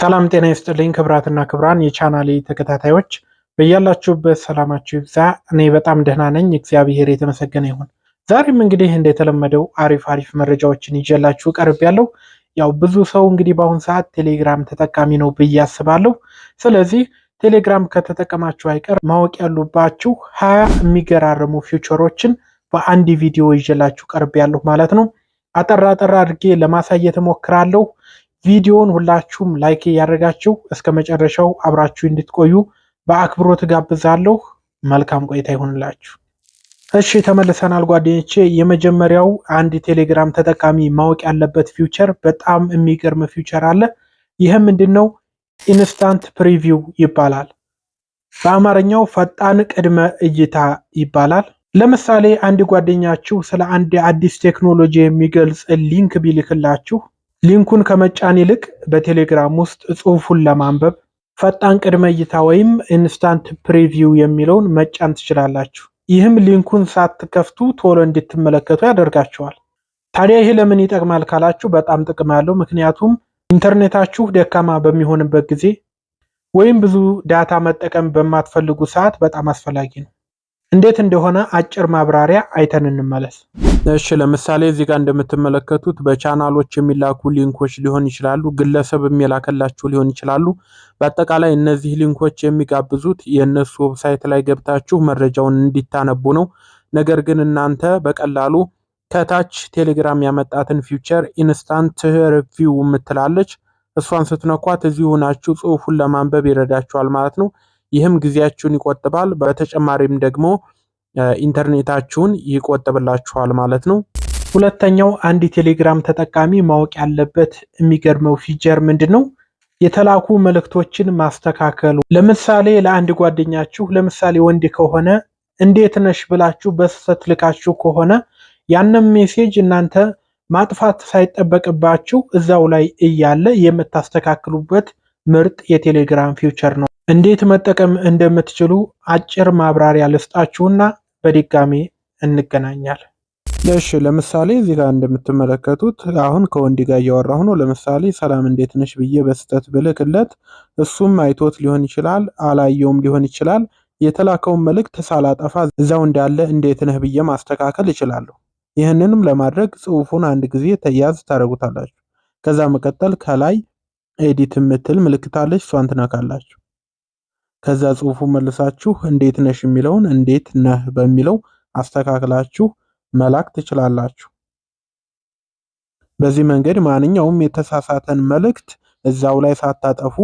ሰላም ጤና ይስጥልኝ ክብራትና ክብራን የቻናሌ ተከታታዮች በያላችሁበት ሰላማችሁ ይብዛ። እኔ በጣም ደህና ነኝ፣ እግዚአብሔር የተመሰገነ ይሁን። ዛሬም እንግዲህ እንደተለመደው አሪፍ አሪፍ መረጃዎችን ይዤላችሁ ቀርብ ያለው ያው ብዙ ሰው እንግዲህ በአሁን ሰዓት ቴሌግራም ተጠቃሚ ነው ብዬ አስባለሁ። ስለዚህ ቴሌግራም ከተጠቀማችሁ አይቀር ማወቅ ያሉባችሁ ሀያ የሚገራረሙ ፊውቸሮችን በአንድ ቪዲዮ ይዤላችሁ ቀርብ ያለሁ ማለት ነው። አጠራ አጠራ አድርጌ ለማሳየት እሞክራለሁ። ቪዲዮውን ሁላችሁም ላይክ እያደረጋችሁ እስከ መጨረሻው አብራችሁ እንድትቆዩ በአክብሮት ጋብዛለሁ። መልካም ቆይታ ይሆንላችሁ። እሺ ተመልሰናል ጓደኞቼ። የመጀመሪያው አንድ ቴሌግራም ተጠቃሚ ማወቅ ያለበት ፊውቸር፣ በጣም የሚገርም ፊውቸር አለ። ይህም ምንድን ነው? ኢንስታንት ፕሪቪው ይባላል። በአማርኛው ፈጣን ቅድመ እይታ ይባላል። ለምሳሌ አንድ ጓደኛችሁ ስለ አንድ አዲስ ቴክኖሎጂ የሚገልጽ ሊንክ ቢልክላችሁ ሊንኩን ከመጫን ይልቅ በቴሌግራም ውስጥ ጽሑፉን ለማንበብ ፈጣን ቅድመ እይታ ወይም ኢንስታንት ፕሪቪው የሚለውን መጫን ትችላላችሁ። ይህም ሊንኩን ሳትከፍቱ ቶሎ እንድትመለከቱ ያደርጋችኋል። ታዲያ ይህ ለምን ይጠቅማል ካላችሁ በጣም ጥቅም አለው። ምክንያቱም ኢንተርኔታችሁ ደካማ በሚሆንበት ጊዜ ወይም ብዙ ዳታ መጠቀም በማትፈልጉ ሰዓት በጣም አስፈላጊ ነው። እንዴት እንደሆነ አጭር ማብራሪያ አይተን እንመለስ። እሺ ለምሳሌ እዚህ ጋር እንደምትመለከቱት በቻናሎች የሚላኩ ሊንኮች ሊሆን ይችላሉ፣ ግለሰብ የሚላከላችሁ ሊሆን ይችላሉ። በአጠቃላይ እነዚህ ሊንኮች የሚጋብዙት የእነሱ ዌብሳይት ላይ ገብታችሁ መረጃውን እንዲታነቡ ነው። ነገር ግን እናንተ በቀላሉ ከታች ቴሌግራም ያመጣትን ፊውቸር ኢንስታንት ሪቪው የምትላለች እሷን ስትነኳት እዚሁ ናችሁ ጽሁፉን ለማንበብ ይረዳችኋል ማለት ነው። ይህም ጊዜያችሁን ይቆጥባል። በተጨማሪም ደግሞ ኢንተርኔታችሁን ይቆጥብላችኋል ማለት ነው። ሁለተኛው አንድ ቴሌግራም ተጠቃሚ ማወቅ ያለበት የሚገርመው ፊቸር ምንድን ነው? የተላኩ መልእክቶችን ማስተካከሉ። ለምሳሌ ለአንድ ጓደኛችሁ ለምሳሌ ወንድ ከሆነ እንዴት ነሽ ብላችሁ በስህተት ልካችሁ ከሆነ ያንም ሜሴጅ እናንተ ማጥፋት ሳይጠበቅባችሁ እዛው ላይ እያለ የምታስተካክሉበት ምርጥ የቴሌግራም ፊውቸር ነው። እንዴት መጠቀም እንደምትችሉ አጭር ማብራሪያ ልስጣችሁና በድጋሚ እንገናኛለን። እሺ ለምሳሌ እዚህ ጋር እንደምትመለከቱት አሁን ከወንድ ጋር እያወራሁ ነው። ለምሳሌ ሰላም እንዴት ነሽ ብዬ በስህተት ብልክለት እሱም አይቶት ሊሆን ይችላል፣ አላየውም ሊሆን ይችላል። የተላከውን መልእክት ሳላጠፋ እዛው እንዳለ እንዴት ነህ ብዬ ማስተካከል እችላለሁ። ይህንንም ለማድረግ ጽሑፉን አንድ ጊዜ ተያዝ ታደርጉታላችሁ። ከዛ መቀጠል ከላይ ኤዲት የምትል ምልክታለች፣ እሷን ትነካላችሁ። ከዛ ጽሁፉ መልሳችሁ እንዴት ነሽ የሚለውን እንዴት ነህ በሚለው አስተካክላችሁ መላክ ትችላላችሁ። በዚህ መንገድ ማንኛውም የተሳሳተን መልእክት እዛው ላይ ሳታጠፉ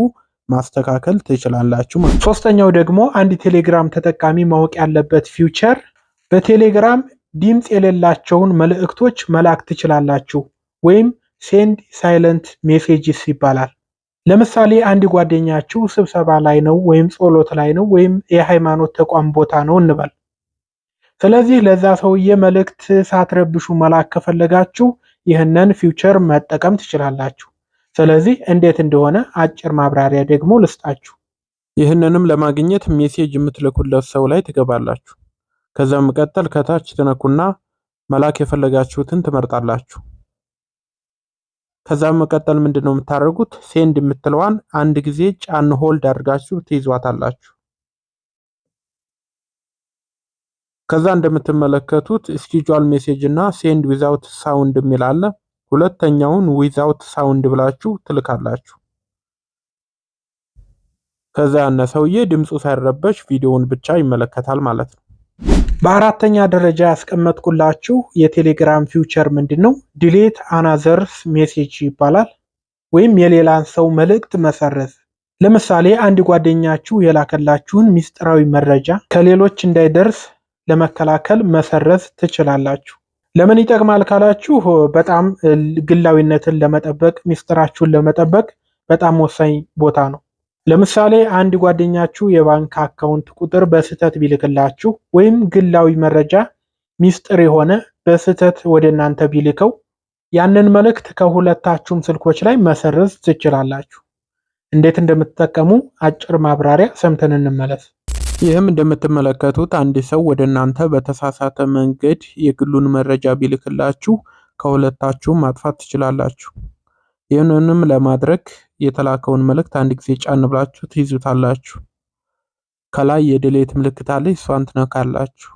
ማስተካከል ትችላላችሁ። ሶስተኛው ደግሞ አንድ ቴሌግራም ተጠቃሚ ማወቅ ያለበት ፊውቸር በቴሌግራም ድምፅ የሌላቸውን መልእክቶች መላክ ትችላላችሁ ወይም ሴንድ ሳይለንት ሜሴጅስ ይባላል። ለምሳሌ አንድ ጓደኛችሁ ስብሰባ ላይ ነው ወይም ጸሎት ላይ ነው ወይም የሃይማኖት ተቋም ቦታ ነው እንበል። ስለዚህ ለዛ ሰውዬ መልእክት ሳትረብሹ መላክ ከፈለጋችሁ ይህንን ፊውቸር መጠቀም ትችላላችሁ። ስለዚህ እንዴት እንደሆነ አጭር ማብራሪያ ደግሞ ልስጣችሁ። ይህንንም ለማግኘት ሜሴጅ የምትልኩለት ሰው ላይ ትገባላችሁ። ከዛም መቀጠል ከታች ትነኩና መላክ የፈለጋችሁትን ትመርጣላችሁ። ከዛ መቀጠል ምንድን ነው የምታደርጉት? ሴንድ የምትለዋን አንድ ጊዜ ጫን ሆልድ አድርጋችሁ ትይዟታላችሁ። ከዛ እንደምትመለከቱት ስኬጁል ሜሴጅ እና ሴንድ ዊዛውት ሳውንድ የሚል አለ። ሁለተኛውን ዊዛውት ሳውንድ ብላችሁ ትልካላችሁ። ከዛ ያነ ሰውዬ ድምፁ ሳይረበሽ ቪዲዮውን ብቻ ይመለከታል ማለት ነው። በአራተኛ ደረጃ ያስቀመጥኩላችሁ የቴሌግራም ፊውቸር ምንድን ነው? ዲሌት አናዘርስ ሜሴጅ ይባላል። ወይም የሌላን ሰው መልእክት መሰረዝ። ለምሳሌ አንድ ጓደኛችሁ የላከላችሁን ሚስጥራዊ መረጃ ከሌሎች እንዳይደርስ ለመከላከል መሰረዝ ትችላላችሁ። ለምን ይጠቅማል ካላችሁ፣ በጣም ግላዊነትን ለመጠበቅ ሚስጥራችሁን ለመጠበቅ በጣም ወሳኝ ቦታ ነው። ለምሳሌ አንድ ጓደኛችሁ የባንክ አካውንት ቁጥር በስህተት ቢልክላችሁ ወይም ግላዊ መረጃ ሚስጥር የሆነ በስህተት ወደ እናንተ ቢልከው ያንን መልእክት ከሁለታችሁም ስልኮች ላይ መሰረዝ ትችላላችሁ። እንዴት እንደምትጠቀሙ አጭር ማብራሪያ ሰምተን እንመለስ። ይህም እንደምትመለከቱት አንድ ሰው ወደ እናንተ በተሳሳተ መንገድ የግሉን መረጃ ቢልክላችሁ ከሁለታችሁም ማጥፋት ትችላላችሁ። ይህንንም ለማድረግ የተላከውን መልእክት አንድ ጊዜ ጫን ብላችሁ ትይዙታላችሁ። ከላይ የድሌት ምልክት አለ፣ እሷን ትነካላችሁ።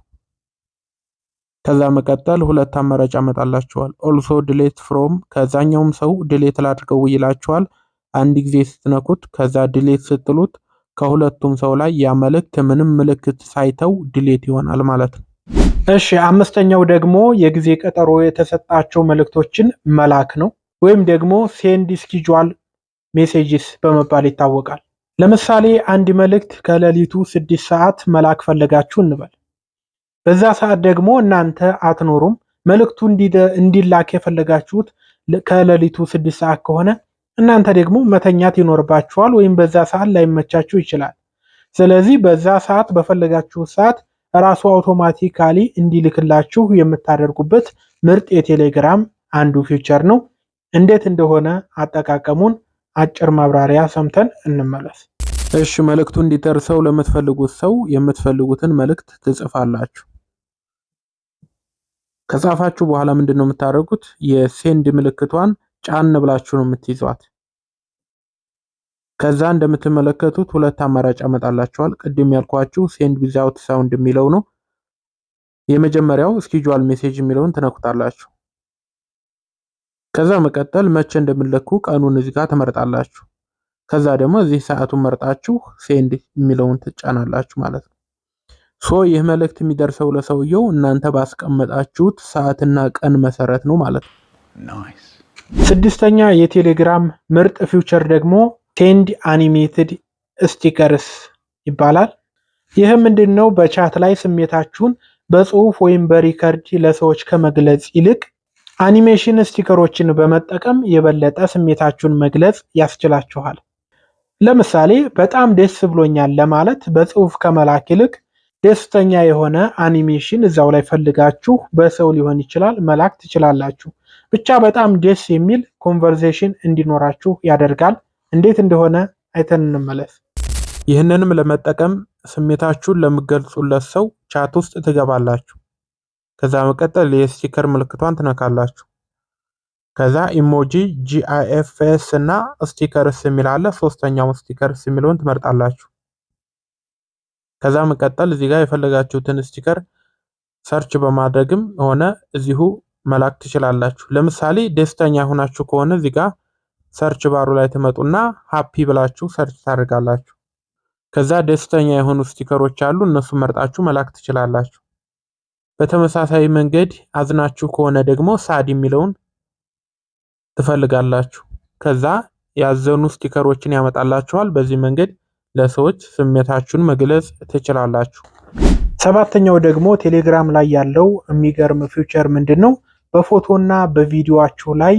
ከዛ መቀጠል ሁለት አማራጭ አመጣላችኋል። ኦልሶ ድሌት ፍሮም ከዛኛውም ሰው ድሌት ላድርገው ይላችኋል። አንድ ጊዜ ስትነኩት ከዛ ድሌት ስትሉት ከሁለቱም ሰው ላይ ያ መልእክት ምንም ምልክት ሳይተው ድሌት ይሆናል ማለት ነው። እሺ አምስተኛው ደግሞ የጊዜ ቀጠሮ የተሰጣቸው መልእክቶችን መላክ ነው፣ ወይም ደግሞ ሴንድ ስኬጁል ሜሴጅስ በመባል ይታወቃል። ለምሳሌ አንድ መልእክት ከሌሊቱ ስድስት ሰዓት መላክ ፈለጋችሁ እንበል። በዛ ሰዓት ደግሞ እናንተ አትኖሩም። መልእክቱ እንዲላክ የፈለጋችሁት ከሌሊቱ ስድስት ሰዓት ከሆነ እናንተ ደግሞ መተኛት ይኖርባችኋል፣ ወይም በዛ ሰዓት ላይመቻችሁ ይችላል። ስለዚህ በዛ ሰዓት በፈለጋችሁት ሰዓት ራሱ አውቶማቲካሊ እንዲልክላችሁ የምታደርጉበት ምርጥ የቴሌግራም አንዱ ፊውቸር ነው። እንዴት እንደሆነ አጠቃቀሙን አጭር ማብራሪያ ሰምተን እንመለስ። እሺ መልእክቱ እንዲደርሰው ለምትፈልጉት ሰው የምትፈልጉትን መልእክት ትጽፋላችሁ። ከጻፋችሁ በኋላ ምንድን ነው የምታደርጉት? የሴንድ ምልክቷን ጫን ብላችሁ ነው የምትይዟት። ከዛ እንደምትመለከቱት ሁለት አማራጭ ያመጣላችኋል። ቅድም ያልኳችሁ ሴንድ ቢዛውት ሳውንድ የሚለው ነው። የመጀመሪያው ስኬጁል ሜሴጅ የሚለውን ትነኩታላችሁ። ከዛ መቀጠል መቼ እንደምለኩ ቀኑን እዚህ ጋር ትመርጣላችሁ። ከዛ ደግሞ እዚህ ሰዓቱን መርጣችሁ ሴንድ የሚለውን ትጫናላችሁ ማለት ነው። ሶ ይህ መልእክት የሚደርሰው ለሰውየው እናንተ ባስቀመጣችሁት ሰዓትና ቀን መሰረት ነው ማለት ነው። ስድስተኛ የቴሌግራም ምርጥ ፊውቸር ደግሞ ሴንድ አኒሜትድ ስቲከርስ ይባላል። ይህ ምንድን ነው? በቻት ላይ ስሜታችሁን በጽሁፍ ወይም በሪከርድ ለሰዎች ከመግለጽ ይልቅ አኒሜሽን ስቲከሮችን በመጠቀም የበለጠ ስሜታችሁን መግለጽ ያስችላችኋል። ለምሳሌ በጣም ደስ ብሎኛል ለማለት በጽሁፍ ከመላክ ይልቅ ደስተኛ የሆነ አኒሜሽን እዛው ላይ ፈልጋችሁ በሰው ሊሆን ይችላል መላክ ትችላላችሁ። ብቻ በጣም ደስ የሚል ኮንቨርሴሽን እንዲኖራችሁ ያደርጋል። እንዴት እንደሆነ አይተን እንመለስ። ይህንንም ለመጠቀም ስሜታችሁን ለምገልጹለት ሰው ቻት ውስጥ ትገባላችሁ። ከዛ መቀጠል የስቲከር ምልክቷን ትነካላችሁ። ከዛ ኢሞጂ ጂአይኤፍኤስ እና ስቲከርስ የሚል አለ። ሶስተኛው ስቲከርስ የሚለውን ትመርጣላችሁ። ከዛ መቀጠል እዚህ ጋር የፈለጋችሁትን ስቲከር ሰርች በማድረግም ሆነ እዚሁ መላክ ትችላላችሁ። ለምሳሌ ደስተኛ የሆናችሁ ከሆነ እዚህ ጋር ሰርች ባሩ ላይ ትመጡና ሃፒ ብላችሁ ሰርች ታደርጋላችሁ። ከዛ ደስተኛ የሆኑ ስቲከሮች አሉ። እነሱ መርጣችሁ መላክ ትችላላችሁ። በተመሳሳይ መንገድ አዝናችሁ ከሆነ ደግሞ ሳድ የሚለውን ትፈልጋላችሁ። ከዛ ያዘኑ ስቲከሮችን ያመጣላችኋል። በዚህ መንገድ ለሰዎች ስሜታችሁን መግለጽ ትችላላችሁ። ሰባተኛው ደግሞ ቴሌግራም ላይ ያለው የሚገርም ፊውቸር ምንድን ነው? በፎቶና በቪዲዮአችሁ ላይ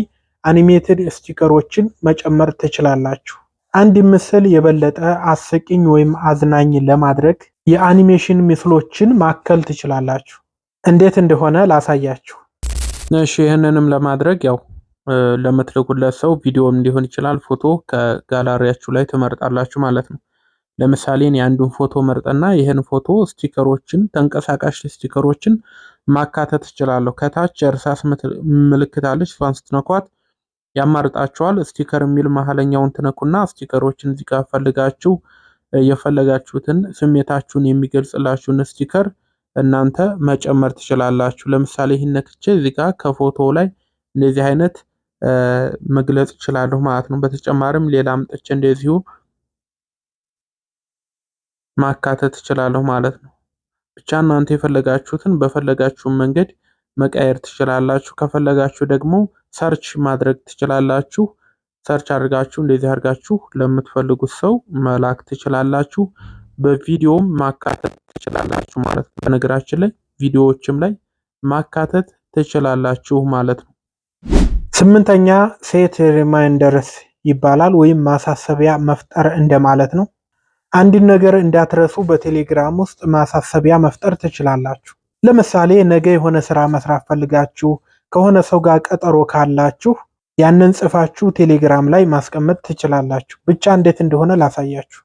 አኒሜትድ ስቲከሮችን መጨመር ትችላላችሁ። አንድ ምስል የበለጠ አስቂኝ ወይም አዝናኝ ለማድረግ የአኒሜሽን ምስሎችን ማከል ትችላላችሁ። እንዴት እንደሆነ ላሳያችሁ። እሺ ይህንንም ለማድረግ ያው ለምትልኩለት ሰው ቪዲዮም ሊሆን ይችላል ፎቶ ከጋላሪያችሁ ላይ ትመርጣላችሁ ማለት ነው። ለምሳሌ የአንዱን ፎቶ መርጠና ይህን ፎቶ ስቲከሮችን፣ ተንቀሳቃሽ ስቲከሮችን ማካተት እችላለሁ። ከታች እርሳስ ምልክት አለች፣ እሷን ስትነኳት ያማርጣችኋል። ስቲከር የሚል መሀለኛውን ትነኩና ስቲከሮችን እዚህ ጋር ፈልጋችሁ የፈለጋችሁትን ስሜታችሁን የሚገልጽላችሁን ስቲከር እናንተ መጨመር ትችላላችሁ። ለምሳሌ ይህን ነክቼ እዚህ ጋር ከፎቶ ላይ እንደዚህ አይነት መግለጽ እችላለሁ ማለት ነው። በተጨማሪም ሌላ አምጥቼ እንደዚሁ ማካተት እችላለሁ ማለት ነው። ብቻ እናንተ የፈለጋችሁትን በፈለጋችሁ መንገድ መቀየር ትችላላችሁ። ከፈለጋችሁ ደግሞ ሰርች ማድረግ ትችላላችሁ። ሰርች አድርጋችሁ እንደዚህ አድርጋችሁ ለምትፈልጉት ሰው መላክ ትችላላችሁ። በቪዲዮም ማካተት ትችላላችሁ ማለት ነው። በነገራችን ላይ ቪዲዮዎችም ላይ ማካተት ትችላላችሁ ማለት ነው። ስምንተኛ ሴት ሪማይንደርስ ይባላል ወይም ማሳሰቢያ መፍጠር እንደማለት ነው። አንድን ነገር እንዳትረሱ በቴሌግራም ውስጥ ማሳሰቢያ መፍጠር ትችላላችሁ። ለምሳሌ ነገ የሆነ ስራ መስራት ፈልጋችሁ ከሆነ ሰው ጋር ቀጠሮ ካላችሁ ያንን ጽፋችሁ ቴሌግራም ላይ ማስቀመጥ ትችላላችሁ። ብቻ እንዴት እንደሆነ ላሳያችሁ።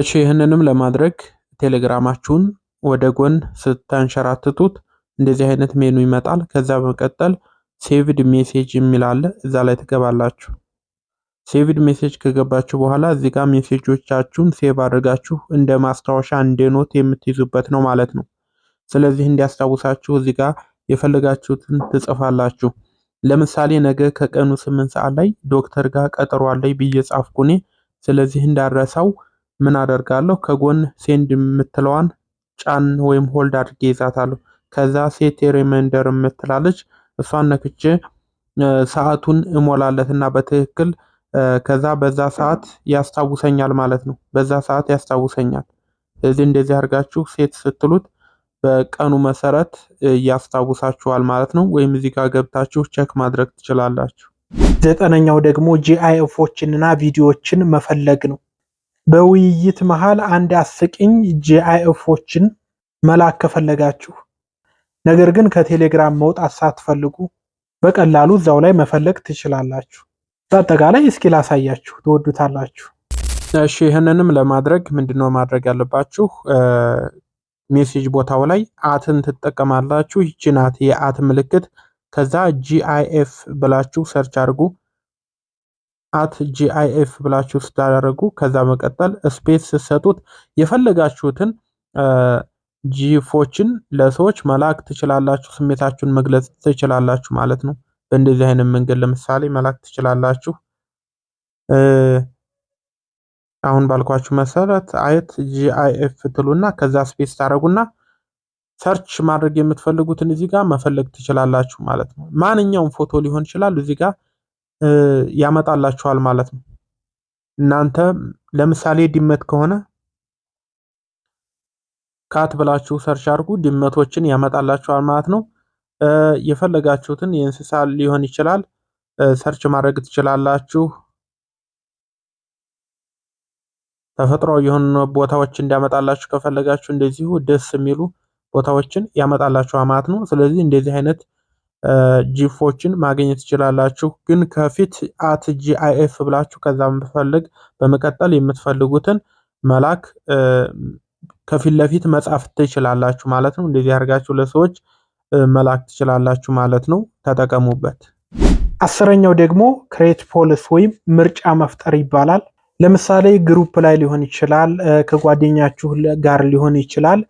እሺ ይህንንም ለማድረግ ቴሌግራማችሁን ወደ ጎን ስታንሸራትቱት እንደዚህ አይነት ሜኑ ይመጣል። ከዛ በመቀጠል ሴቭድ ሜሴጅ የሚል አለ። እዛ ላይ ትገባላችሁ። ሴቭድ ሜሴጅ ከገባችሁ በኋላ እዚህ ጋር ሜሴጆቻችሁን ሴቭ አድርጋችሁ እንደ ማስታወሻ እንደ ኖት የምትይዙበት ነው ማለት ነው። ስለዚህ እንዲያስታውሳችሁ እዚህ ጋር የፈለጋችሁትን ትጽፋላችሁ። ለምሳሌ ነገ ከቀኑ ስምንት ሰዓት ላይ ዶክተር ጋር ቀጠሮ አለኝ ብዬ ጻፍኩኔ። ስለዚህ እንዳረሳው ምን አደርጋለሁ ከጎን ሴንድ የምትለዋን ጫን ወይም ሆልድ አድርጌ ይዛታለሁ። ከዛ ሴት ሪማይንደር የምትላለች እሷን ነክቼ ሰአቱን እሞላለትና በትክክል ከዛ በዛ ሰዓት ያስታውሰኛል ማለት ነው። በዛ ሰዓት ያስታውሰኛል። ስለዚህ እንደዚህ አድርጋችሁ ሴት ስትሉት በቀኑ መሰረት ያስታውሳችኋል ማለት ነው። ወይም እዚህ ጋር ገብታችሁ ቼክ ማድረግ ትችላላችሁ። ዘጠነኛው ደግሞ ጂአይኤፎችንና ቪዲዮዎችን መፈለግ ነው። በውይይት መሃል አንድ አስቂኝ ጂአይኤፎችን መላክ ከፈለጋችሁ፣ ነገር ግን ከቴሌግራም መውጣት ሳትፈልጉ በቀላሉ እዛው ላይ መፈለግ ትችላላችሁ። በአጠቃላይ እስኪ ላሳያችሁ፣ ትወዱታላችሁ። እሺ ይህንንም ለማድረግ ምንድነው ማድረግ ያለባችሁ? ሜሴጅ ቦታው ላይ አትን ትጠቀማላችሁ። ይቺ ናት የአት ምልክት። ከዛ ጂአይኤፍ ብላችሁ ሰርች አድርጉ። አት ጂአይኤፍ ብላችሁ ስታደረጉ ከዛ መቀጠል ስፔስ ስትሰጡት የፈለጋችሁትን ጂፎችን ለሰዎች መላክ ትችላላችሁ። ስሜታችሁን መግለጽ ትችላላችሁ ማለት ነው። በእንደዚህ አይነት መንገድ ለምሳሌ መላክ ትችላላችሁ። አሁን ባልኳችሁ መሰረት አየት ጂአይኤፍ ትሉና ከዛ ስፔስ ታደረጉና ሰርች ማድረግ የምትፈልጉትን እዚህ ጋር መፈለግ ትችላላችሁ ማለት ነው። ማንኛውም ፎቶ ሊሆን ይችላል እዚህ ጋር ያመጣላችኋል ማለት ነው። እናንተ ለምሳሌ ድመት ከሆነ ካት ብላችሁ ሰርች አድርጉ፣ ድመቶችን ያመጣላችኋል ማለት ነው። የፈለጋችሁትን የእንስሳ ሊሆን ይችላል ሰርች ማድረግ ትችላላችሁ። ተፈጥሯዊ የሆኑ ቦታዎች እንዲያመጣላችሁ ከፈለጋችሁ እንደዚሁ ደስ የሚሉ ቦታዎችን ያመጣላችሁ ማለት ነው። ስለዚህ እንደዚህ አይነት ጂፎችን ማግኘት ትችላላችሁ። ግን ከፊት አት ጂአይኤፍ ብላችሁ ከዛም ብፈልግ በመቀጠል የምትፈልጉትን መላክ ከፊት ለፊት መጻፍ ትችላላችሁ ማለት ነው። እንደዚህ አድርጋችሁ ለሰዎች መላክ ትችላላችሁ ማለት ነው። ተጠቀሙበት። አስረኛው ደግሞ ክሬት ፖሊስ ወይም ምርጫ መፍጠር ይባላል። ለምሳሌ ግሩፕ ላይ ሊሆን ይችላል፣ ከጓደኛችሁ ጋር ሊሆን ይችላል።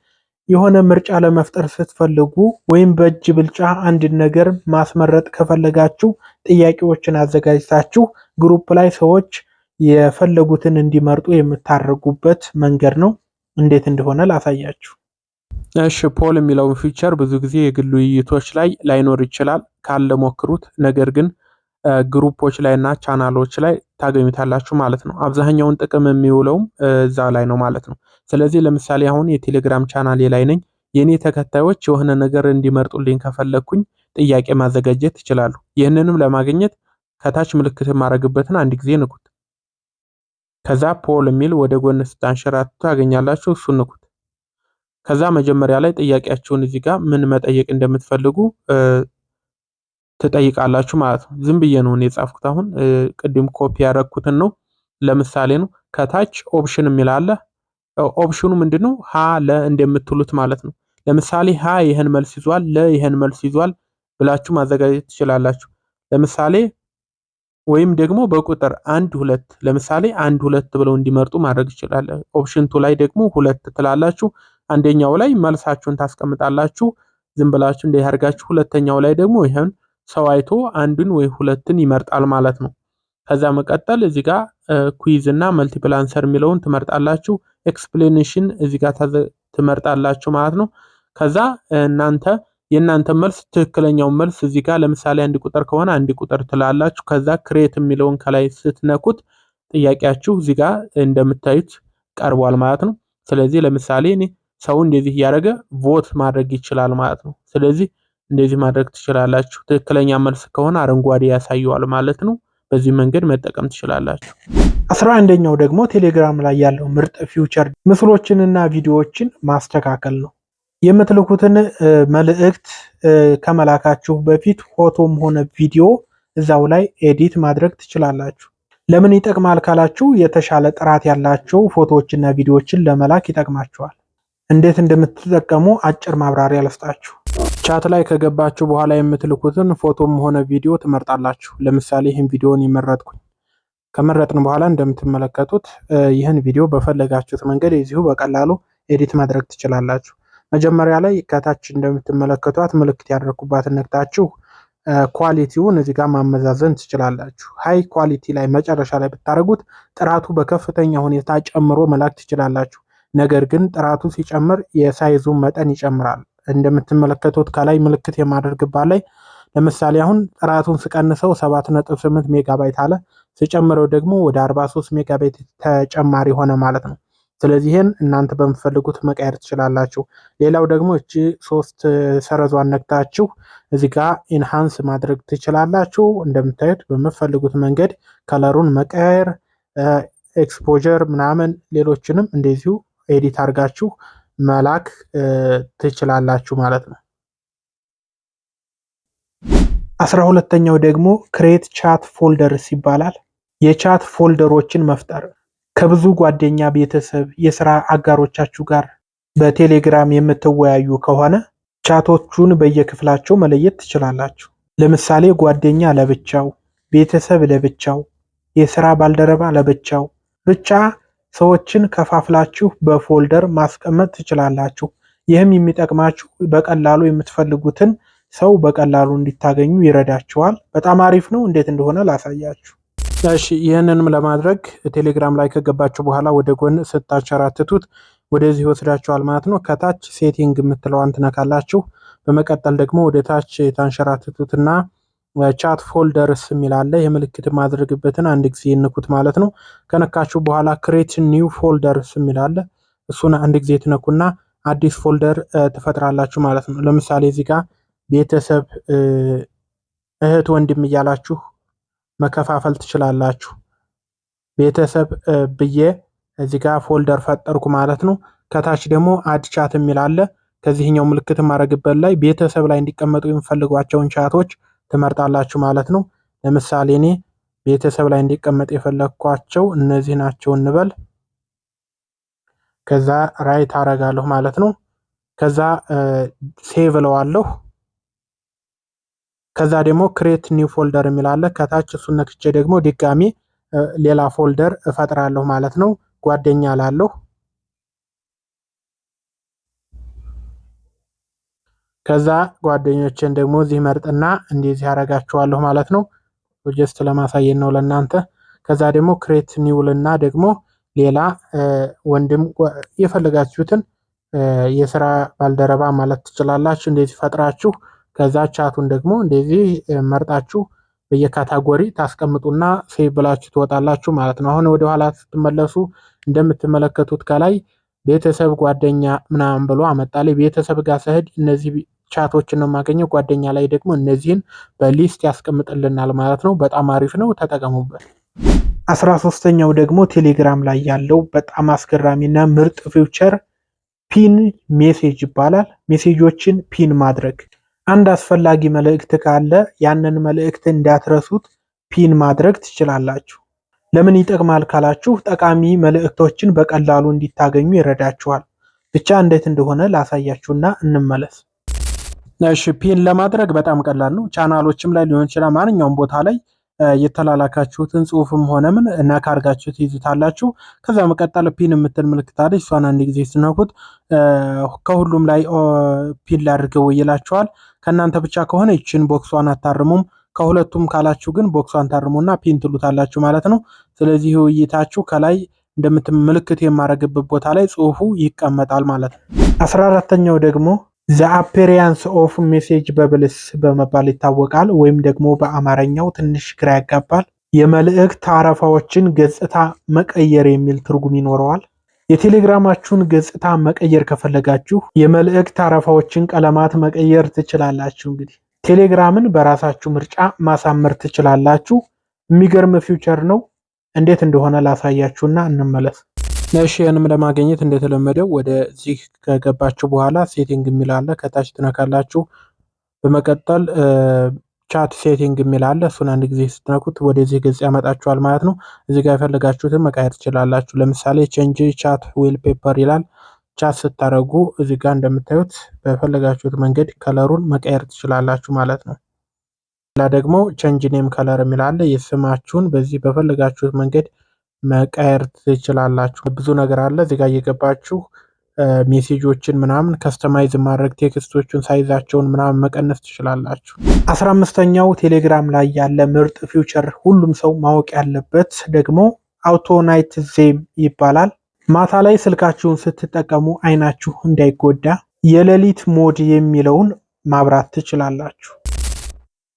የሆነ ምርጫ ለመፍጠር ስትፈልጉ ወይም በእጅ ብልጫ አንድን ነገር ማስመረጥ ከፈለጋችሁ ጥያቄዎችን አዘጋጅታችሁ ግሩፕ ላይ ሰዎች የፈለጉትን እንዲመርጡ የምታደርጉበት መንገድ ነው። እንዴት እንደሆነ ላሳያችሁ። እሺ ፖል የሚለውን ፊቸር ብዙ ጊዜ የግል ውይይቶች ላይ ላይኖር ይችላል። ካለ ሞክሩት። ነገር ግን ግሩፖች ላይ እና ቻናሎች ላይ ታገኙታላችሁ ማለት ነው። አብዛኛውን ጥቅም የሚውለውም እዛ ላይ ነው ማለት ነው። ስለዚህ ለምሳሌ አሁን የቴሌግራም ቻናሌ ላይ ነኝ። የእኔ ተከታዮች የሆነ ነገር እንዲመርጡልኝ ከፈለግኩኝ ጥያቄ ማዘጋጀት ይችላሉ። ይህንንም ለማግኘት ከታች ምልክት የማደርግበትን አንድ ጊዜ ንኩት። ከዛ ፖል የሚል ወደ ጎን ስታንሸራቱ ታገኛላችሁ። እሱ ንኩት። ከዛ መጀመሪያ ላይ ጥያቄያችሁን እዚህ ጋር ምን መጠየቅ እንደምትፈልጉ ትጠይቃላችሁ ማለት ነው። ዝም ብዬ ነው እኔ የጻፍኩት። አሁን ቅድም ኮፒ ያደረግኩትን ነው፣ ለምሳሌ ነው። ከታች ኦፕሽን የሚል አለ። ኦፕሽኑ ምንድን ነው? ሀ ለ እንደምትሉት ማለት ነው። ለምሳሌ ሀ ይህን መልስ ይዟል፣ ለ ይህን መልስ ይዟል ብላችሁ ማዘጋጀት ትችላላችሁ። ለምሳሌ ወይም ደግሞ በቁጥር አንድ ሁለት ለምሳሌ አንድ ሁለት ብለው እንዲመርጡ ማድረግ ይችላል። ኦፕሽን ቱ ላይ ደግሞ ሁለት ትላላችሁ። አንደኛው ላይ መልሳችሁን ታስቀምጣላችሁ ዝም ብላችሁ እንደ ያርጋችሁ። ሁለተኛው ላይ ደግሞ ይህን ሰው አይቶ አንዱን ወይ ሁለትን ይመርጣል ማለት ነው። ከዛ መቀጠል እዚህ ጋር ኩዊዝ እና መልቲፕል አንሰር የሚለውን ትመርጣላችሁ። ኤክስፕሌኔሽን እዚህ ጋር ትመርጣላችሁ ማለት ነው። ከዛ እናንተ የእናንተ መልስ ትክክለኛው መልስ እዚህ ጋር ለምሳሌ አንድ ቁጥር ከሆነ አንድ ቁጥር ትላላችሁ። ከዛ ክሬት የሚለውን ከላይ ስትነኩት ጥያቄያችሁ እዚህ ጋር እንደምታዩት ቀርቧል ማለት ነው። ስለዚህ ለምሳሌ እኔ ሰው እንደዚህ እያደረገ ቮት ማድረግ ይችላል ማለት ነው። ስለዚህ እንደዚህ ማድረግ ትችላላችሁ። ትክክለኛ መልስ ከሆነ አረንጓዴ ያሳየዋል ማለት ነው። በዚህ መንገድ መጠቀም ትችላላችሁ። አስራ አንደኛው ደግሞ ቴሌግራም ላይ ያለው ምርጥ ፊውቸር ምስሎችንና ቪዲዮዎችን ማስተካከል ነው። የምትልኩትን መልእክት ከመላካችሁ በፊት ፎቶም ሆነ ቪዲዮ እዛው ላይ ኤዲት ማድረግ ትችላላችሁ። ለምን ይጠቅማል ካላችሁ የተሻለ ጥራት ያላቸው ፎቶዎችና ቪዲዮዎችን ለመላክ ይጠቅማችኋል። እንዴት እንደምትጠቀሙ አጭር ማብራሪያ ልስጣችሁ። ቻት ላይ ከገባችሁ በኋላ የምትልኩትን ፎቶም ሆነ ቪዲዮ ትመርጣላችሁ። ለምሳሌ ይህን ቪዲዮን ይመረጥኩኝ። ከመረጥን በኋላ እንደምትመለከቱት ይህን ቪዲዮ በፈለጋችሁት መንገድ እዚሁ በቀላሉ ኤዲት ማድረግ ትችላላችሁ። መጀመሪያ ላይ ከታች እንደምትመለከቷት ምልክት ያደረኩባትን ነክታችሁ ኳሊቲውን እዚህ ጋር ማመዛዘን ትችላላችሁ። ሃይ ኳሊቲ ላይ መጨረሻ ላይ ብታደርጉት ጥራቱ በከፍተኛ ሁኔታ ጨምሮ መላክ ትችላላችሁ። ነገር ግን ጥራቱ ሲጨምር የሳይዙን መጠን ይጨምራል። እንደምትመለከቱት ከላይ ምልክት የማደርግባት ላይ ለምሳሌ አሁን ጥራቱን ስቀንሰው 7.8 ሜጋባይት አለ ስጨምረው ደግሞ ወደ 43 ሜጋባይት ተጨማሪ ሆነ ማለት ነው። ስለዚህ ይህን እናንተ በምፈልጉት መቀየር ትችላላችሁ። ሌላው ደግሞ እቺ ሶስት ሰረዟን ነክታችሁ እዚህ ጋር ኢንሃንስ ማድረግ ትችላላችሁ። እንደምታዩት በምትፈልጉት መንገድ ከለሩን መቀየር፣ ኤክስፖጀር ምናምን ሌሎችንም እንደዚሁ ኤዲት አድርጋችሁ መላክ ትችላላችሁ ማለት ነው። አስራ ሁለተኛው ደግሞ ክሬት ቻት ፎልደርስ ይባላል። የቻት ፎልደሮችን መፍጠር ከብዙ ጓደኛ፣ ቤተሰብ፣ የስራ አጋሮቻችሁ ጋር በቴሌግራም የምትወያዩ ከሆነ ቻቶቹን በየክፍላቸው መለየት ትችላላችሁ። ለምሳሌ ጓደኛ ለብቻው፣ ቤተሰብ ለብቻው፣ የስራ ባልደረባ ለብቻው ብቻ ሰዎችን ከፋፍላችሁ በፎልደር ማስቀመጥ ትችላላችሁ። ይህም የሚጠቅማችሁ በቀላሉ የምትፈልጉትን ሰው በቀላሉ እንዲታገኙ ይረዳችኋል። በጣም አሪፍ ነው። እንዴት እንደሆነ ላሳያችሁ። እሺ፣ ይህንንም ለማድረግ ቴሌግራም ላይ ከገባችሁ በኋላ ወደ ጎን ስታንሸራትቱት ወደዚህ ይወስዳችኋል ማለት ነው። ከታች ሴቲንግ የምትለዋን ትነካላችሁ። በመቀጠል ደግሞ ወደ ታች ታንሸራትቱትና ቻት ፎልደርስ የሚላለ የምልክት የማድረግበትን አንድ ጊዜ ይንኩት ማለት ነው። ከነካችሁ በኋላ ክሬት ኒው ፎልደርስ የሚላለ እሱን አንድ ጊዜ ትነኩና አዲስ ፎልደር ትፈጥራላችሁ ማለት ነው። ለምሳሌ እዚህ ጋር ቤተሰብ፣ እህት፣ ወንድም እያላችሁ መከፋፈል ትችላላችሁ። ቤተሰብ ብዬ እዚህ ጋር ፎልደር ፈጠርኩ ማለት ነው። ከታች ደግሞ አድ ቻት የሚላለ ከዚህኛው ምልክት ማድረግበት ላይ ቤተሰብ ላይ እንዲቀመጡ የሚፈልጓቸውን ቻቶች ትመርጣላችሁ ማለት ነው። ለምሳሌ እኔ ቤተሰብ ላይ እንዲቀመጥ የፈለግኳቸው እነዚህ ናቸው እንበል። ከዛ ራይት አረጋለሁ ማለት ነው። ከዛ ሴቭ እለዋለሁ። ከዛ ደግሞ ክሬት ኒው ፎልደር የሚላለ ከታች እሱን ነክቼ ደግሞ ድጋሚ ሌላ ፎልደር እፈጥራለሁ ማለት ነው። ጓደኛ ላለሁ ከዛ ጓደኞችን ደግሞ እዚህ መርጥና እንደዚህ ያደርጋችኋለሁ ማለት ነው። ጀስት ለማሳየት ነው ለእናንተ። ከዛ ደግሞ ክሬት ኒውልና ደግሞ ሌላ ወንድም የፈለጋችሁትን የስራ ባልደረባ ማለት ትችላላችሁ። እንደዚህ ፈጥራችሁ ከዛ ቻቱን ደግሞ እንደዚህ መርጣችሁ በየካታጎሪ ታስቀምጡና ሴቭ ብላችሁ ትወጣላችሁ ማለት ነው። አሁን ወደኋላ ስትመለሱ እንደምትመለከቱት ከላይ ቤተሰብ ጓደኛ ምናምን ብሎ አመጣ ላይ ቤተሰብ ጋር ስሄድ እነዚህ ቻቶችን ነው የማገኘው። ጓደኛ ላይ ደግሞ እነዚህን በሊስት ያስቀምጥልናል ማለት ነው። በጣም አሪፍ ነው፣ ተጠቀሙበት። አስራ ሶስተኛው ደግሞ ቴሌግራም ላይ ያለው በጣም አስገራሚና ምርጥ ፊውቸር ፒን ሜሴጅ ይባላል። ሜሴጆችን ፒን ማድረግ አንድ አስፈላጊ መልእክት ካለ ያንን መልእክት እንዳትረሱት ፒን ማድረግ ትችላላችሁ። ለምን ይጠቅማል ካላችሁ ጠቃሚ መልእክቶችን በቀላሉ እንዲታገኙ ይረዳችኋል። ብቻ እንዴት እንደሆነ ላሳያችሁና እንመለስ። እሺ ፒን ለማድረግ በጣም ቀላል ነው። ቻናሎችም ላይ ሊሆን ይችላል። ማንኛውም ቦታ ላይ የተላላካችሁትን ጽሁፍም ሆነ ምን እና አድርጋችሁ ትይዙታላችሁ። ከዛ መቀጠል ፒን የምትል ምልክት አለ። እሷን አንድ ጊዜ ስነኩት ከሁሉም ላይ ፒን ላድርገው ይላችኋል። ከእናንተ ብቻ ከሆነ ይችን ቦክሷን አታርሙም። ከሁለቱም ካላችሁ ግን ቦክሷን ታርሙና ፒን ትሉታላችሁ ማለት ነው። ስለዚህ ውይይታችሁ ከላይ እንደምትምልክት የማረግበት ቦታ ላይ ጽሁፉ ይቀመጣል ማለት ነው። አስራ አራተኛው ደግሞ ዘ አፔሪያንስ ኦፍ ሜሴጅ በብልስ በመባል ይታወቃል። ወይም ደግሞ በአማርኛው ትንሽ ግራ ያጋባል። የመልእክት አረፋዎችን ገጽታ መቀየር የሚል ትርጉም ይኖረዋል። የቴሌግራማችሁን ገጽታ መቀየር ከፈለጋችሁ የመልእክት አረፋዎችን ቀለማት መቀየር ትችላላችሁ እንግዲህ ቴሌግራምን በራሳችሁ ምርጫ ማሳመር ትችላላችሁ። የሚገርም ፊውቸር ነው። እንዴት እንደሆነ ላሳያችሁና እንመለስ። ሽንም ለማገኘት ለማግኘት እንደተለመደው ወደዚህ ከገባችሁ በኋላ ሴቲንግ የሚላለ ከታች ትነካላችሁ። በመቀጠል ቻት ሴቲንግ የሚላለ አለ። እሱን አንድ ጊዜ ስትነኩት ወደዚህ ገጽ ያመጣችኋል ማለት ነው። እዚህ ጋር የፈለጋችሁትን መቃየር ትችላላችሁ። ለምሳሌ ቼንጅ ቻት ዌል ፔፐር ይላል። ቻት ስታደርጉ እዚህ ጋር እንደምታዩት በፈለጋችሁት መንገድ ከለሩን መቀየር ትችላላችሁ ማለት ነው። ሌላ ደግሞ ቼንጅ ኔም ከለር የሚላለ የስማችሁን በዚህ በፈለጋችሁት መንገድ መቀየር ትችላላችሁ። ብዙ ነገር አለ እዚጋ እየገባችሁ ሜሴጆችን ምናምን ከስተማይዝ ማድረግ ቴክስቶችን ሳይዛቸውን ምናምን መቀነስ ትችላላችሁ። አስራ አምስተኛው ቴሌግራም ላይ ያለ ምርጥ ፊውቸር ሁሉም ሰው ማወቅ ያለበት ደግሞ ናይት ዜም ይባላል። ማታ ላይ ስልካችሁን ስትጠቀሙ አይናችሁ እንዳይጎዳ የሌሊት ሞድ የሚለውን ማብራት ትችላላችሁ።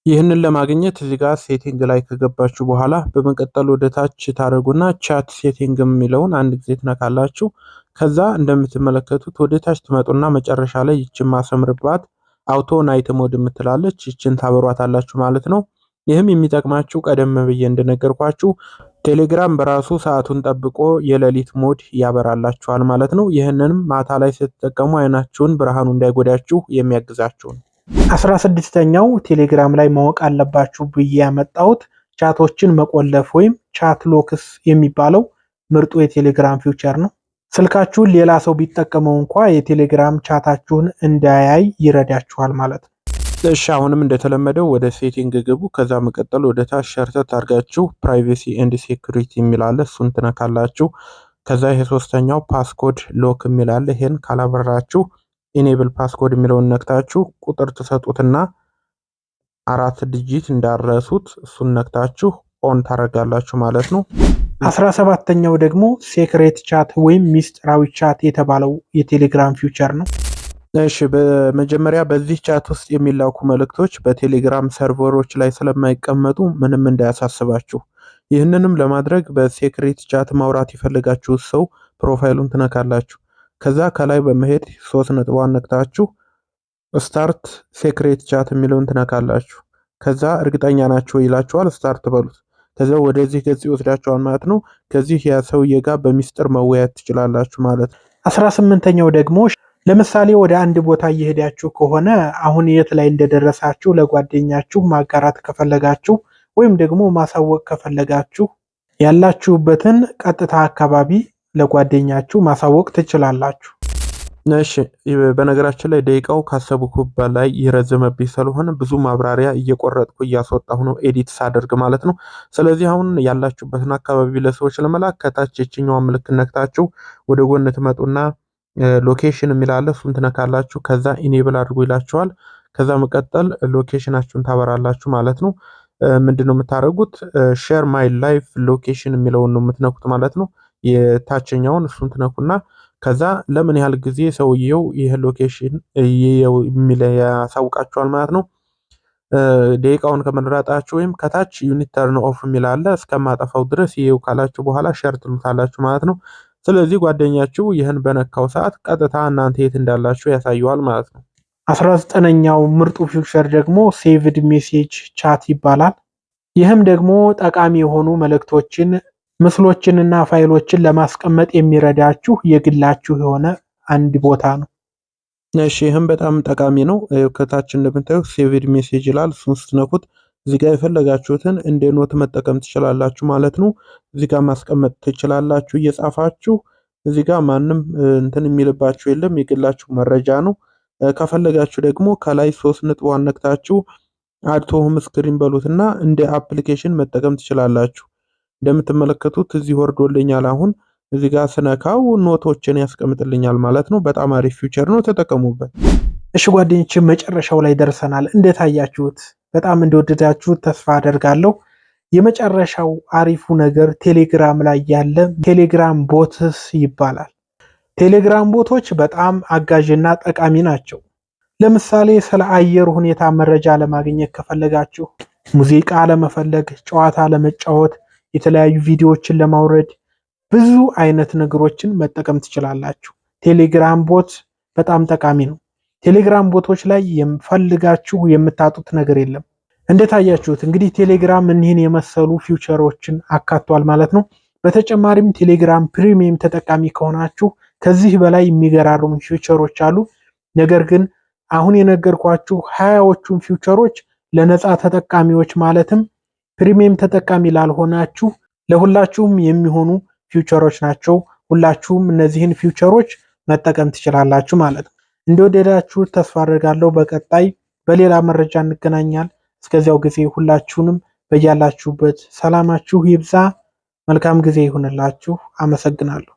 ይህንን ለማግኘት እዚህ ጋር ሴቲንግ ላይ ከገባችሁ በኋላ በመቀጠል ወደ ታች ታደርጉና ቻት ሴቲንግ የሚለውን አንድ ጊዜ ትነካላችሁ። ከዛ እንደምትመለከቱት ወደ ታች ትመጡና መጨረሻ ላይ ይችን ማሰምርባት አውቶ ናይት ሞድ የምትላለች ይችን ታበሯታላችሁ ማለት ነው። ይህም የሚጠቅማችሁ ቀደም ብዬ እንደነገርኳችሁ ቴሌግራም በራሱ ሰዓቱን ጠብቆ የሌሊት ሞድ ያበራላችኋል ማለት ነው። ይህንንም ማታ ላይ ስትጠቀሙ አይናችሁን ብርሃኑ እንዳይጎዳችሁ የሚያግዛችሁ ነው። አስራ ስድስተኛው ቴሌግራም ላይ ማወቅ አለባችሁ ብዬ ያመጣሁት ቻቶችን መቆለፍ ወይም ቻት ሎክስ የሚባለው ምርጡ የቴሌግራም ፊውቸር ነው። ስልካችሁን ሌላ ሰው ቢጠቀመው እንኳ የቴሌግራም ቻታችሁን እንዳያይ ይረዳችኋል ማለት ነው። እሺ አሁንም እንደተለመደው ወደ ሴቲንግ ግቡ። ከዛ መቀጠል ወደ ታች ሸርተት አድርጋችሁ ፕራይቬሲ ኤንድ ሴኩሪቲ የሚላለ እሱን ትነካላችሁ። ከዛ ይሄ ሶስተኛው ፓስኮድ ሎክ የሚላለ ይሄን ካላበራችሁ ኢኔብል ፓስኮድ የሚለውን ነክታችሁ ቁጥር ትሰጡትና አራት ዲጂት እንዳረሱት እሱን ነክታችሁ ኦን ታደርጋላችሁ ማለት ነው። አስራ ሰባተኛው ደግሞ ሴክሬት ቻት ወይም ሚስጥራዊ ቻት የተባለው የቴሌግራም ፊውቸር ነው። እሺ በመጀመሪያ በዚህ ቻት ውስጥ የሚላኩ መልእክቶች በቴሌግራም ሰርቨሮች ላይ ስለማይቀመጡ ምንም እንዳያሳስባችሁ። ይህንንም ለማድረግ በሴክሬት ቻት ማውራት የፈለጋችሁ ሰው ፕሮፋይሉን ትነካላችሁ። ከዛ ከላይ በመሄድ ሶስት ነጥቧን ነክታችሁ ስታርት ሴክሬት ቻት የሚለውን ትነካላችሁ። ከዛ እርግጠኛ ናቸው ይላችኋል፣ ስታርት በሉት። ከዛ ወደዚህ ገጽ ይወስዳችኋል ማለት ነው። ከዚህ ያ ሰውዬ ጋር በሚስጥር መወያየት ትችላላችሁ ማለት ነው። አስራ ስምንተኛው ደግሞ ለምሳሌ ወደ አንድ ቦታ እየሄዳችሁ ከሆነ አሁን የት ላይ እንደደረሳችሁ ለጓደኛችሁ ማጋራት ከፈለጋችሁ ወይም ደግሞ ማሳወቅ ከፈለጋችሁ ያላችሁበትን ቀጥታ አካባቢ ለጓደኛችሁ ማሳወቅ ትችላላችሁ። እሺ፣ በነገራችን ላይ ደቂቃው ካሰብኩ በላይ ይረዘመብኝ ስለሆነ ብዙ ማብራሪያ እየቆረጥኩ እያስወጣሁ ነው፣ ኤዲት ሳደርግ ማለት ነው። ስለዚህ አሁን ያላችሁበትን አካባቢ ለሰዎች ለመላክ ከታች የችኛዋ ምልክት ነክታችሁ ወደ ጎን ትመጡና ሎኬሽን የሚላለ እሱን ትነካላችሁ። ከዛ ኢኔብል አድርጎ ይላችኋል። ከዛ መቀጠል ሎኬሽናችሁን ታበራላችሁ ማለት ነው። ምንድን ነው የምታደርጉት? ሼር ማይ ላይፍ ሎኬሽን የሚለውን ነው የምትነኩት ማለት ነው። የታችኛውን እሱን ትነኩና ከዛ ለምን ያህል ጊዜ ሰውየው ይህ ሎኬሽን የሚል ያሳውቃችኋል ማለት ነው። ደቂቃውን ከመረጣችሁ ወይም ከታች ዩኒት ተርን ኦፍ የሚላለ እስከማጠፋው ድረስ ይሄው ካላችሁ በኋላ ሸር ትሉታላችሁ ማለት ነው። ስለዚህ ጓደኛችሁ ይህን በነካው ሰዓት ቀጥታ እናንተ የት እንዳላችሁ ያሳየዋል ማለት ነው። አስራ ዘጠነኛው ምርጡ ፊክቸር ደግሞ ሴቭድ ሜሴጅ ቻት ይባላል። ይህም ደግሞ ጠቃሚ የሆኑ መልእክቶችን ምስሎችንና ፋይሎችን ለማስቀመጥ የሚረዳችሁ የግላችሁ የሆነ አንድ ቦታ ነው። እሺ ይህም በጣም ጠቃሚ ነው። ከታች እንደምታዩት ሴቭድ ሜሴጅ ይላል። እሱን ስትነኩት እዚህ ጋር የፈለጋችሁትን እንደ ኖት መጠቀም ትችላላችሁ ማለት ነው። እዚህ ጋር ማስቀመጥ ትችላላችሁ እየጻፋችሁ። እዚህ ጋር ማንም እንትን የሚልባችሁ የለም የግላችሁ መረጃ ነው። ከፈለጋችሁ ደግሞ ከላይ ሶስት ነጥብ ነክታችሁ አድቶ ሆም ስክሪን በሉትና እንደ አፕሊኬሽን መጠቀም ትችላላችሁ። እንደምትመለከቱት እዚህ ወርዶልኛል። አሁን እዚህ ጋር ስነካው ኖቶችን ያስቀምጥልኛል ማለት ነው። በጣም አሪፍ ፊውቸር ነው፣ ተጠቀሙበት። እሺ ጓደኞች፣ መጨረሻው ላይ ደርሰናል። እንደታያችሁት በጣም እንደወደዳችሁ ተስፋ አደርጋለሁ። የመጨረሻው አሪፉ ነገር ቴሌግራም ላይ ያለ ቴሌግራም ቦትስ ይባላል። ቴሌግራም ቦቶች በጣም አጋዥና ጠቃሚ ናቸው። ለምሳሌ ስለ አየር ሁኔታ መረጃ ለማግኘት ከፈለጋችሁ፣ ሙዚቃ ለመፈለግ፣ ጨዋታ ለመጫወት፣ የተለያዩ ቪዲዮዎችን ለማውረድ ብዙ አይነት ነገሮችን መጠቀም ትችላላችሁ። ቴሌግራም ቦት በጣም ጠቃሚ ነው። ቴሌግራም ቦቶች ላይ ፈልጋችሁ የምታጡት ነገር የለም። እንደታያችሁት እንግዲህ ቴሌግራም እኒህን የመሰሉ ፊውቸሮችን አካቷል ማለት ነው። በተጨማሪም ቴሌግራም ፕሪሚየም ተጠቃሚ ከሆናችሁ ከዚህ በላይ የሚገራሩ ፊውቸሮች አሉ። ነገር ግን አሁን የነገርኳችሁ ሀያዎቹን ፊውቸሮች ለነፃ ተጠቃሚዎች ማለትም ፕሪሚየም ተጠቃሚ ላልሆናችሁ ለሁላችሁም የሚሆኑ ፊውቸሮች ናቸው። ሁላችሁም እነዚህን ፊውቸሮች መጠቀም ትችላላችሁ ማለት ነው። እንደወደዳችሁት ተስፋ አድርጋለሁ። በቀጣይ በሌላ መረጃ እንገናኛል። እስከዚያው ጊዜ ሁላችሁንም በያላችሁበት ሰላማችሁ ይብዛ። መልካም ጊዜ ይሁንላችሁ። አመሰግናለሁ።